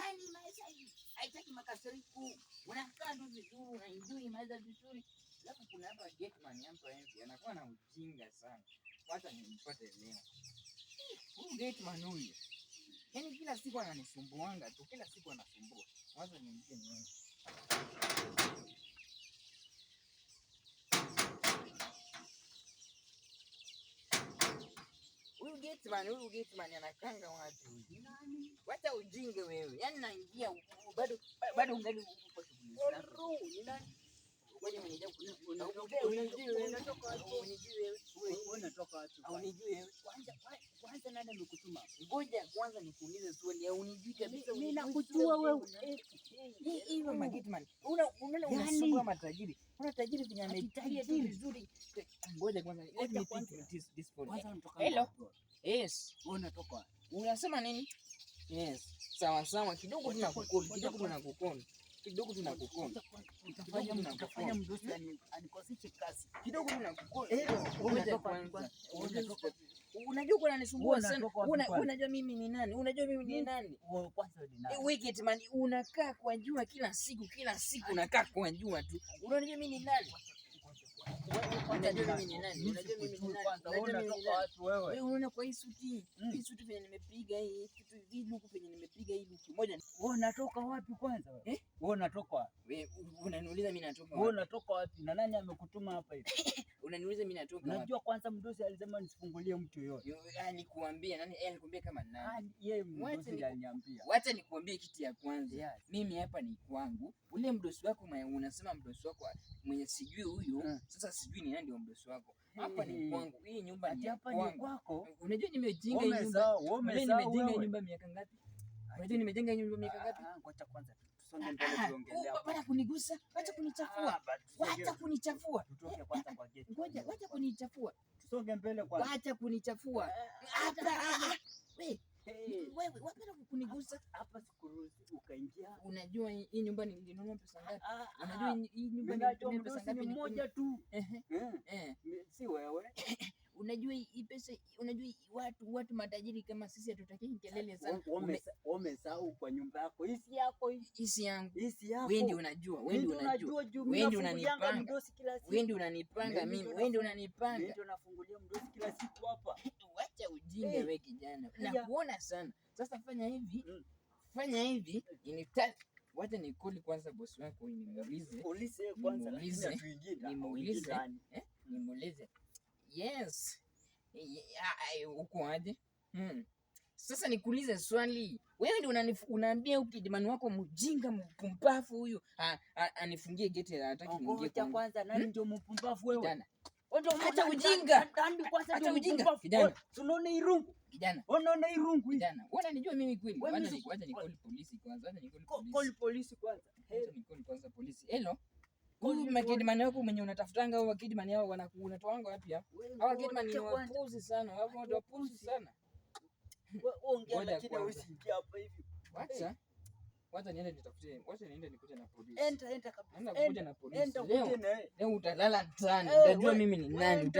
Yani maisha hii haitaki makasiriku, unakaa tu vizuri, unaenjoy maisha vizuri. Alafu kuna hapa Getman hapa hivi anakuwa na ujinga sana, wacha nimpate leo huyu Getman huyu. Yani kila siku ananisumbuanga tu, kila siku anasumbua, wacha nimpe mwenyewe. Hitman, huyu Hitman anakanga watu. Wacha ujinge wewe. Yaani naingia bado bado ungali uko shughuli. unijui kabisa. Mimi nakujua wewe. Hiyo Magitman. Yaani, unasumbua matajiri. Kuna tajiri vyenye ametaja vizuri. Ngoja kwanza, let me think this this phone. Hello. Yes. Wewe unatoka. Unasema nini? Yes. Sawa sawa, kidogo tunakukoni, kidogo tunakukoni. Kidogo tunakukoni. Utafanya mtafanya mdosi anikosishe kazi. Kidogo tunakukoni. Hello. Ngoja kwanza. Ngoja kwanza unajua nisumbua sana. Unajua mimi ni nani? Unajua mimi ni nani? Eh, wicked man, unakaa kwa jua kila siku, kila siku unakaa kwa jua tu. Unajua mimi ni nani? kwa hii suti, hmm. hii suti venye nimepiga hii venye nimepiga hii moja. Wewe unatoka wapi kwanza? Wewe eh? unatoka, unaniuliza mimi natoka wapi? Wewe unatoka wapi na nani amekutuma hapa hivi? Unaniuliza mimi natoka Unajua kwanza mdosi alisema nisifungulie mtu yoyote. Alikuambia ah, nani? Yeye eh, alikuambia kama nani? Ah, yeye mdosi ndiye aliniambia. Wacha nikuambie kitu ya kwanza. Yeah. Mimi hapa ni kwangu. Ule mdosi wako unasema mdosi wako mwenye sijui huyu. Hmm. Sasa sijui ni nani ndio mdosi wako. Hapa ni kwangu. Hii nyumba ni hapa ni kwako. Unajua nimejenga hii nyumba. Nimejenga nyumba miaka ngapi? Unajua nimejenga nyumba miaka ah, ngapi? Ngoja kwanza tu. Bwana ah, ah, kunigusa, wacha eh, kunichafua, ah, eh, wacha kunichafua, wacha kunichafua, wacha eh, kunichafua wewe wapenda kunigusa hapa, sikuruhusu ukaingia. Unajua hii nyumba nilinunua pesa ngapi? Unajua hii nyumba ni pesa ngapi? Moja tu, si wewe unajua hii pesa, unajua watu watu matajiri kama sisi hatutaki kelele sana. Umesahau kwa nyumba yako, hisi yako, hisi yangu, hisi yako. Wewe ndio unajua, wewe ndio unajua, wewe ndio unanipanga, kila siku, wewe ndio unanipanga mimi, wewe ndio unanipanga, wewe ndio unafungulia mdosi kila siku hapa. Acha ujinga wewe, eh. kijana, nakuona sana. Sasa fanya hivi, mm. fanya hivi, initaki Wacha nikoli kwanza bosi wako nimuulize, nimuulize, eh? nimuulize, nimuulize Yes. Ah, ah, eh, Ukoaje? Hmm. Sasa nikuulize swali, wewe ndio unaambia huyu wako mjinga mpumbavu huyu anifungie geti, hataki oh, niingie kwangu. Kwanza nani hmm? ndio mpumbavu wewe? Oh, hata ujinga, hata oh, ujinga kijana, unaona irungu kijana, unaona irungu kijana. Wewe unanijua mimi kweli? Wacha nikoli polisi kwanza, wacha nikoli polisi kwanza, polisi kwanza. Hello. Kidman wako mwenye unatafutanga au Kidman yao wanatoanga wapi hapo? Au Kidman ni wapuzi sana, au watu wapuzi sana. Ongea lakini usiingia hapa hivi. Wacha. Wacha niende nitafute. Wacha niende nikuje na polisi. Enda enda kabisa. Enda kuja na polisi. Leo utalala ndani. Eh, utajua mimi ni nani.